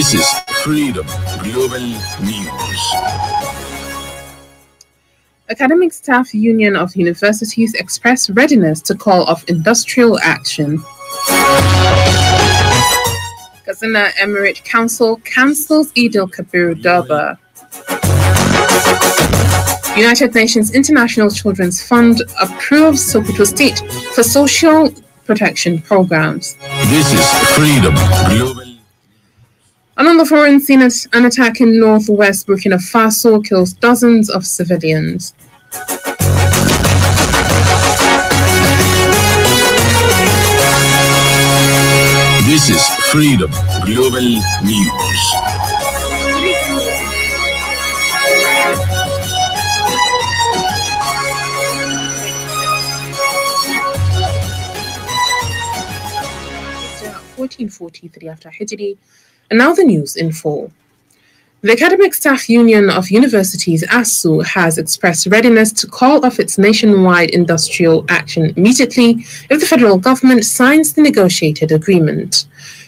This is Freedom Global News. Academic Staff Union of Universities express readiness to call off industrial action. Kazana Emirate Council cancels Eid al-Kabir Durbar. United Nations International Children's Fund approves Sokoto State for social protection programs. This is Freedom Global Another foreign scene, an attack in northwest Burkina Faso kills dozens of civilians. This is Freedom Global News. Fourteen forty-three after Hijri, and now the news in full. The Academic Staff Union of Universities, ASU, has expressed readiness to call off its nationwide industrial action immediately if the federal government signs the negotiated agreement.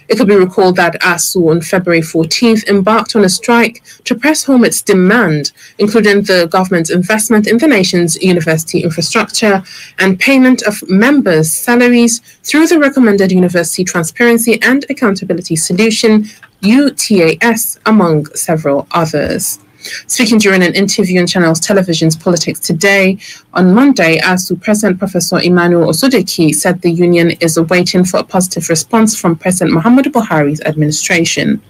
It could be recalled that ASU on February 14th embarked on a strike to press home its demand, including the government's investment in the nation's university infrastructure and payment of members' salaries through the recommended University Transparency and Accountability Solution UTAS, among several others. Speaking during an interview on Channel's television's Politics Today on Monday, ASU President Professor Emmanuel Osudeki said the union is awaiting for a positive response from President Muhammadu Buhari's administration.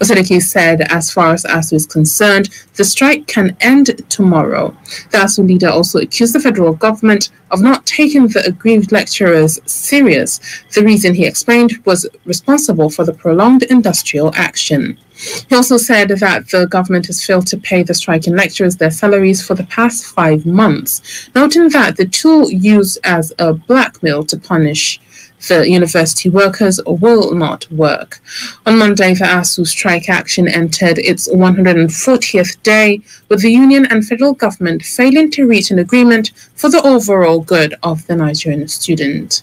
Osudeki said, as far as ASU is concerned, the strike can end tomorrow. The ASU leader also accused the federal government of not taking the aggrieved lecturers serious. The reason he explained was responsible for the prolonged industrial action. He also said that the government has failed to pay the striking lecturers their salaries for the past five months, noting that the tool used as a blackmail to punish the university workers will not work. On Monday, the ASU strike action entered its 140th day, with the union and federal government failing to reach an agreement for the overall good of the Nigerian student.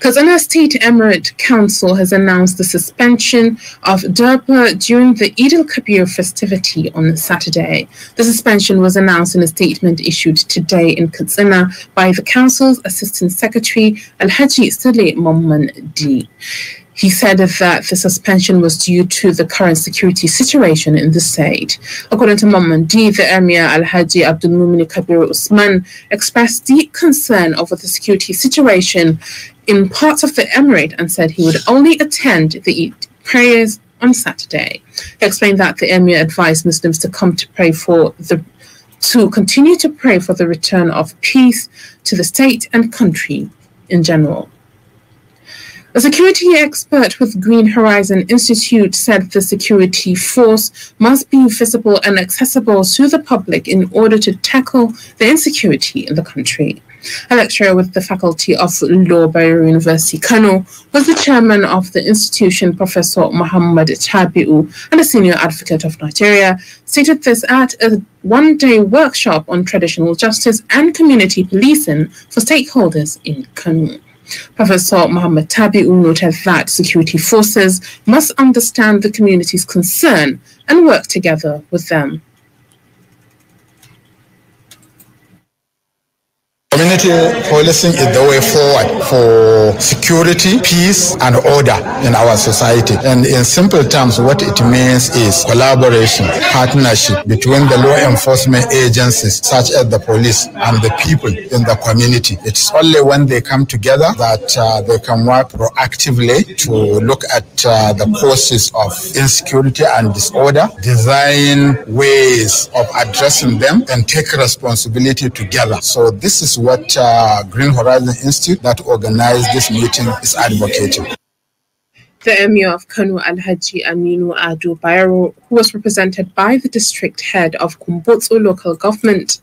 Kazana State Emirate Council has announced the suspension of Durpa during the Eid al-Kabir festivity on Saturday. The suspension was announced in a statement issued today in Katsina by the Council's Assistant Secretary Al-Haji Saleh Momman D. He said that the suspension was due to the current security situation in the state. According to Mamandi, the Emir Al-Haji Abdul Mumin Kabir Usman expressed deep concern over the security situation in parts of the emirate and said he would only attend the prayers on Saturday. He explained that the emir advised Muslims to come to pray for the to continue to pray for the return of peace to the state and country in general. A security expert with Green Horizon Institute said the security force must be visible and accessible to the public in order to tackle the insecurity in the country a lecturer with the Faculty of Law, Bayer University, Kano, was the chairman of the institution, Professor Muhammad Chabiu, and a senior advocate of Nigeria, stated this at a one-day workshop on traditional justice and community policing for stakeholders in Kano. Professor Muhammad Tabi'u noted that security forces must understand the community's concern and work together with them community policing is the way forward for security, peace, and order in our society. And in simple terms, what it means is collaboration, partnership between the law enforcement agencies, such as the police, and the people in the community. It's only when they come together that uh, they can work proactively to look at uh, the causes of insecurity and disorder, design ways of addressing them, and take responsibility together. So this is what what uh, Green Horizon Institute that organized this meeting is advocating. The Emir of Kano Al Haji Aminu Ado Bayero, who was represented by the district head of Kumbotso local government,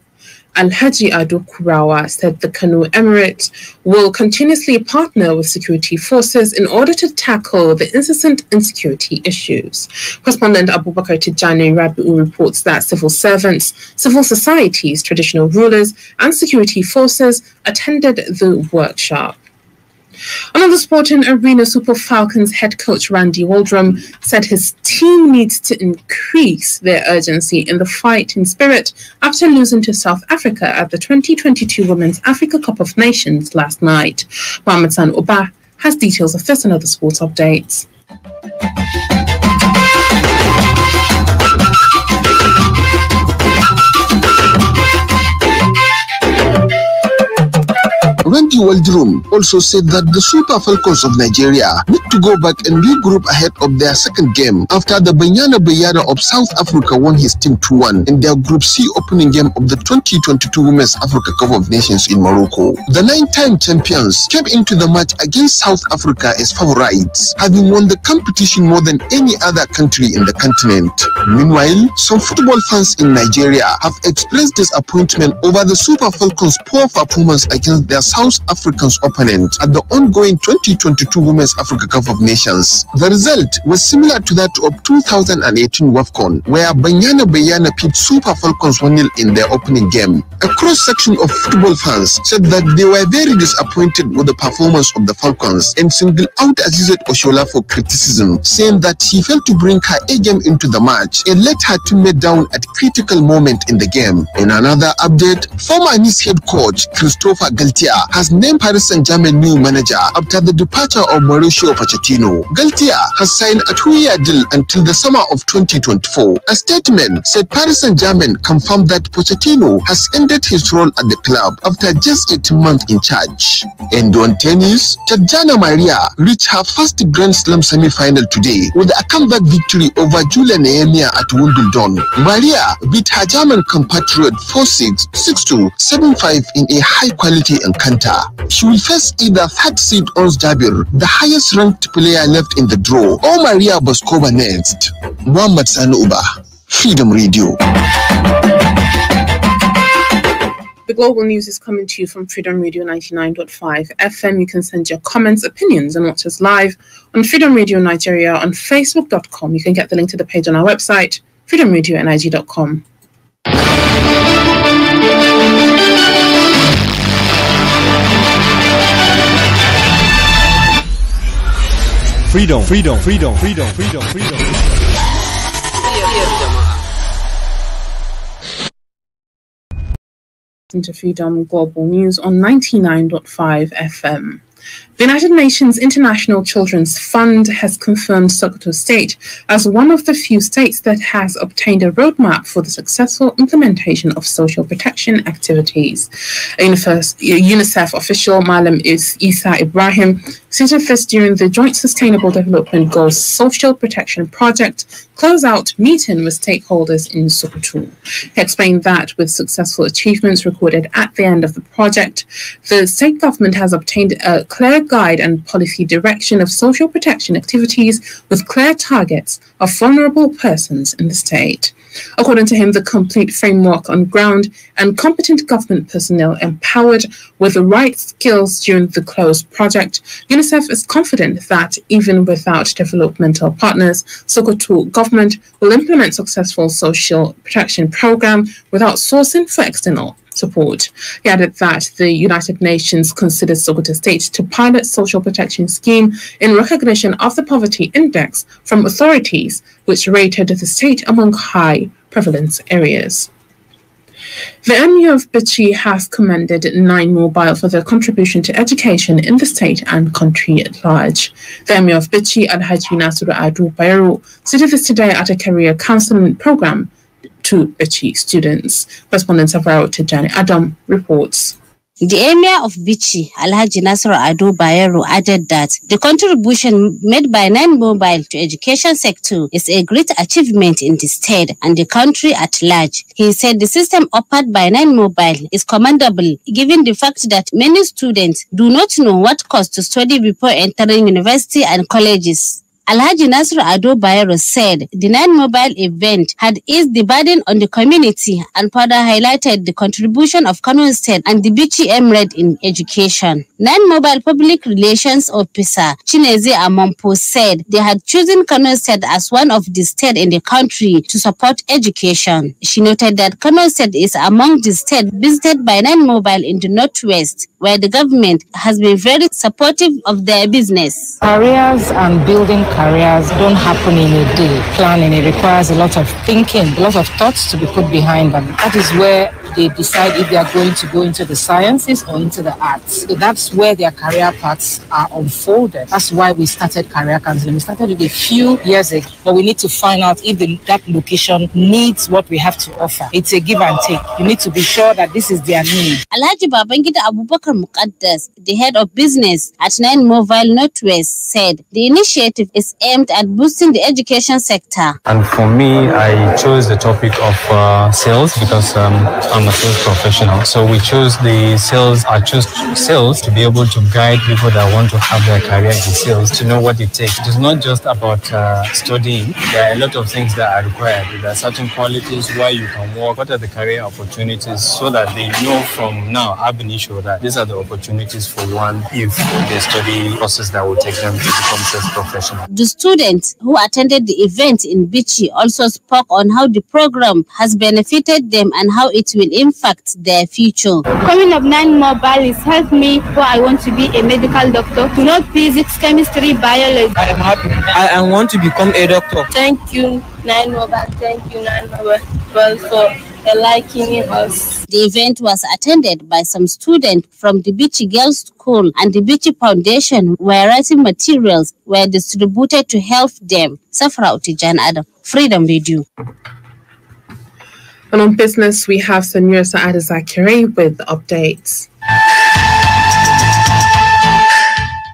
Alhaji Ado Kurawa said the Kanu Emirate will continuously partner with security forces in order to tackle the incessant insecurity issues. Correspondent Abubakar Tijani Rabiu reports that civil servants, civil societies, traditional rulers, and security forces attended the workshop. Another sporting arena, Super Falcons head coach Randy Waldrum said his team needs to increase their urgency in the fighting spirit after losing to South Africa at the 2022 Women's Africa Cup of Nations last night. Mohamed San Oba has details of this and other sports updates. Banji Waldirum also said that the Super Falcons of Nigeria need to go back and regroup ahead of their second game after the Banyana Bayana of South Africa won his team 2-1 in their Group C opening game of the 2022 Women's Africa Cup of Nations in Morocco. The nine-time champions came into the match against South Africa as favorites, having won the competition more than any other country in the continent. Meanwhile, some football fans in Nigeria have expressed disappointment over the Super Falcons' poor performance against their South Africa's opponent at the ongoing 2022 Women's Africa Cup of Nations. The result was similar to that of 2018 WAFCON, where Banyana Bayana beat Super Falcons 1-0 in their opening game. A cross-section of football fans said that they were very disappointed with the performance of the Falcons and singled out Azizet Oshola for criticism, saying that he failed to bring her A-game into the match and let her teammate down at critical moment in the game. In another update, former Nice head coach Christopher Galtier has named Paris Saint-Germain new manager after the departure of Mauricio Pochettino. Galtier has signed a two-year deal until the summer of 2024. A statement said Paris Saint-Germain confirmed that Pochettino has ended his role at the club after just 18 months in charge. And on tennis, Tatjana Maria reached her first Grand Slam semi-final today with a comeback victory over Julia Nehemia at Wimbledon. Maria beat her German compatriot 4-6, 6-2, 7-5 in a high-quality encounter. She will face either third seed Ons Jabir, the highest ranked player left in the draw, or Maria Boskova next. Muhammad Sanuba, Freedom Radio. The global news is coming to you from Freedom Radio 99.5 FM. You can send your comments, opinions, and watch us live on Freedom Radio Nigeria on Facebook.com. You can get the link to the page on our website, freedomradionig.com. freedom, freedom, freedom, freedom, freedom, freedom. To Freedom Global News on 99.5 FM. The United Nations International Children's Fund has confirmed Sokoto State as one of the few states that has obtained a roadmap for the successful implementation of social protection activities. UNICEF official Malam Isa Ibrahim suited for during the Joint Sustainable Development Goals Social Protection Project closeout meeting with stakeholders in Sokoto. He explained that with successful achievements recorded at the end of the project, the state government has obtained a clear guide and policy direction of social protection activities with clear targets of vulnerable persons in the state. According to him, the complete framework on ground and competent government personnel empowered with the right skills during the closed project, UNICEF is confident that even without developmental partners, Sokoto government will implement successful social protection program without sourcing for external support. He added that the United Nations considers Sokoto State to pilot social protection scheme in recognition of the poverty index from authorities, which rated the state among high prevalence areas. The Emu of Bichi has commended Nine Mobile for their contribution to education in the state and country at large. The Emu of Bichi, Alhaji Nasir Adu Bayero, said this today at a career counseling program to achieve students. Respondents have to Jani Adam reports. The Emir of Bichi, Alhaji Nasser Ado Bayero, added that the contribution made by Nine Mobile to education sector is a great achievement in the state and the country at large. He said the system offered by Nine Mobile is commendable, given the fact that many students do not know what costs to study before entering university and colleges. Alhaji Nasir Ado Bayero said the Nine Mobile event had eased the burden on the community and further highlighted the contribution of Kano State and the BTM Red in education. Nine Mobile Public Relations Officer Chineze Amompo said they had chosen Kano State as one of the states in the country to support education. She noted that Kano State is among the states visited by Nine Mobile in the Northwest, where the government has been very supportive of their business. Careers and building careers don't happen in a day. Planning, it requires a lot of thinking, a lot of thoughts to be put behind them. That is where they decide if they are going to go into the sciences or into the arts. So that's where their career paths are unfolded. That's why we started career counseling. We started it a few years ago, but we need to find out if the, that location needs what we have to offer. It's a give and take. You need to be sure that this is their need. Alhaji Babangida Abubakar Mukaddas, the head of business at Nine Mobile Northwest, said the initiative is aimed at boosting the education sector. And for me, I chose the topic of uh, sales because um, I'm I'm a sales professional, so we choose the sales. I chose sales to be able to guide people that want to have their career in sales to know what it takes. It is not just about uh, studying. There are a lot of things that are required. There are certain qualities why you can work. What are the career opportunities so that they know from now I've been sure that these are the opportunities for one if they study process that will take them to become sales professional. The students who attended the event in Bichi also spoke on how the program has benefited them and how it will impact their future. Coming of nine mobile is helped me for I want to be a medical doctor, to know physics, chemistry, biology. I am happy. I, I want to become a doctor. Thank you, nine mobile. Thank you, nine mobile, well, for the event was attended by some students from the Beachy Girls School and the Beachy Foundation where writing materials were distributed to help them. Safra Utijan Adam, Freedom Video. And on business, we have Samira Saad Zakiri with updates.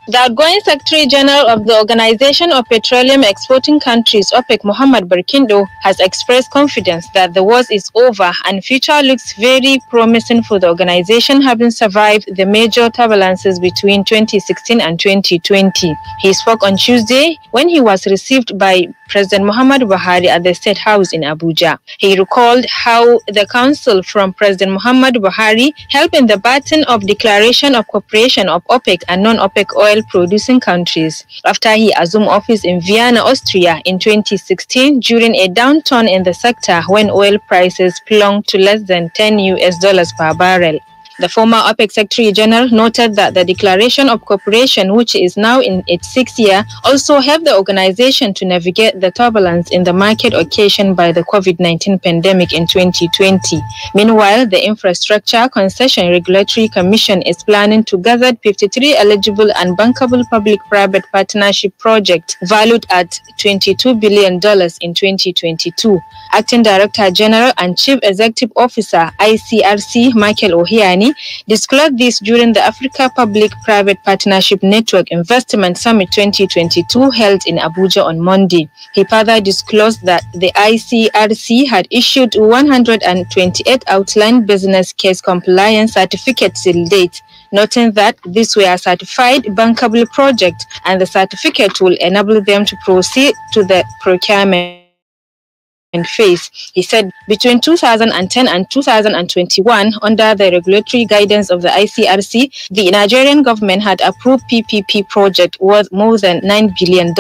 The outgoing Secretary General of the Organization of Petroleum Exporting Countries, OPEC, Mohammed Burkindo, has expressed confidence that the war is over and future looks very promising for the organization having survived the major turbulences between 2016 and 2020. He spoke on Tuesday when he was received by President Muhammad Buhari at the State House in Abuja. He recalled how the council from President Muhammad Buhari helped in the button of declaration of cooperation of OPEC and non-OPEC oil oil-producing countries after he assumed office in Vienna, Austria in 2016 during a downturn in the sector when oil prices plunged to less than 10 US dollars per barrel. The former OPEC Secretary General noted that the declaration of cooperation, which is now in its sixth year, also helped the organization to navigate the turbulence in the market occasioned by the COVID 19 pandemic in 2020. Meanwhile, the Infrastructure Concession Regulatory Commission is planning to gather 53 eligible and bankable public private partnership projects valued at $22 billion in 2022. Acting Director General and Chief Executive Officer, ICRC, Michael Ohiani, Disclosed this during the Africa Public-Private Partnership Network Investment Summit 2022 held in Abuja on Monday. He further disclosed that the ICRC had issued 128 outline business case compliance certificates till date, noting that these were certified bankable projects and the certificate will enable them to proceed to the procurement and face. He said between 2010 and 2021, under the regulatory guidance of the ICRC, the Nigerian government had approved PPP project worth more than $9 billion,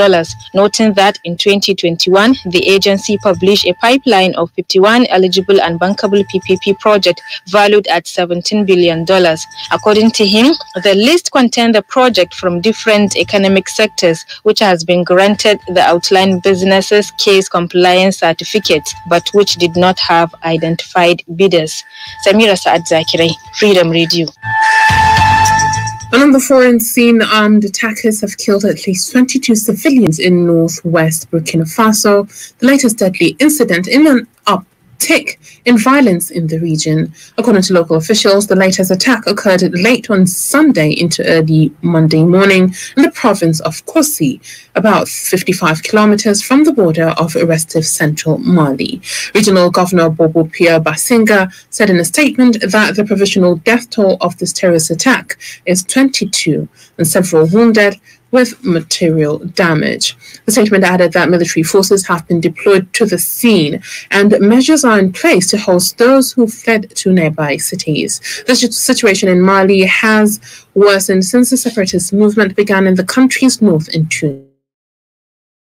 noting that in 2021, the agency published a pipeline of 51 eligible and bankable PPP project valued at $17 billion. According to him, the list contained the project from different economic sectors, which has been granted the outlined businesses case compliance certificate but which did not have identified bidders. Samira Saad Zakirai, Freedom Radio. And on the foreign scene, armed attackers have killed at least 22 civilians in northwest Burkina Faso, the latest deadly incident in an up tick in violence in the region. According to local officials, the latest attack occurred late on Sunday into early Monday morning in the province of Kosi, about 55 kilometers from the border of restive central Mali. Regional Governor Bobo Pierre Basinga said in a statement that the provisional death toll of this terrorist attack is 22 and several wounded with material damage. The statement added that military forces have been deployed to the scene and measures are in place to host those who fled to nearby cities. The situation in Mali has worsened since the separatist movement began in the country's north in June.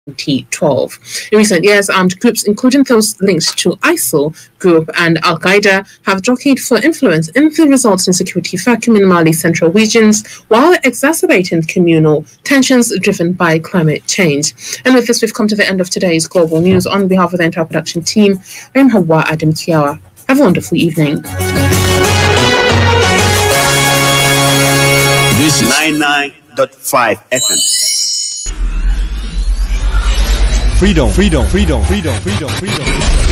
2012. In recent years, armed groups, including those linked to ISIL group and Al Qaeda, have jockeyed for influence in the resulting security vacuum in Mali's central regions, while exacerbating communal tensions driven by climate change. And with this, we've come to the end of today's global news. On behalf of the entire production team, I'm Hawa Adam Kiawa. Have a wonderful evening. This is 99.5 FM freedom, freedom, freedom, freedom, freedom, freedom. freedom.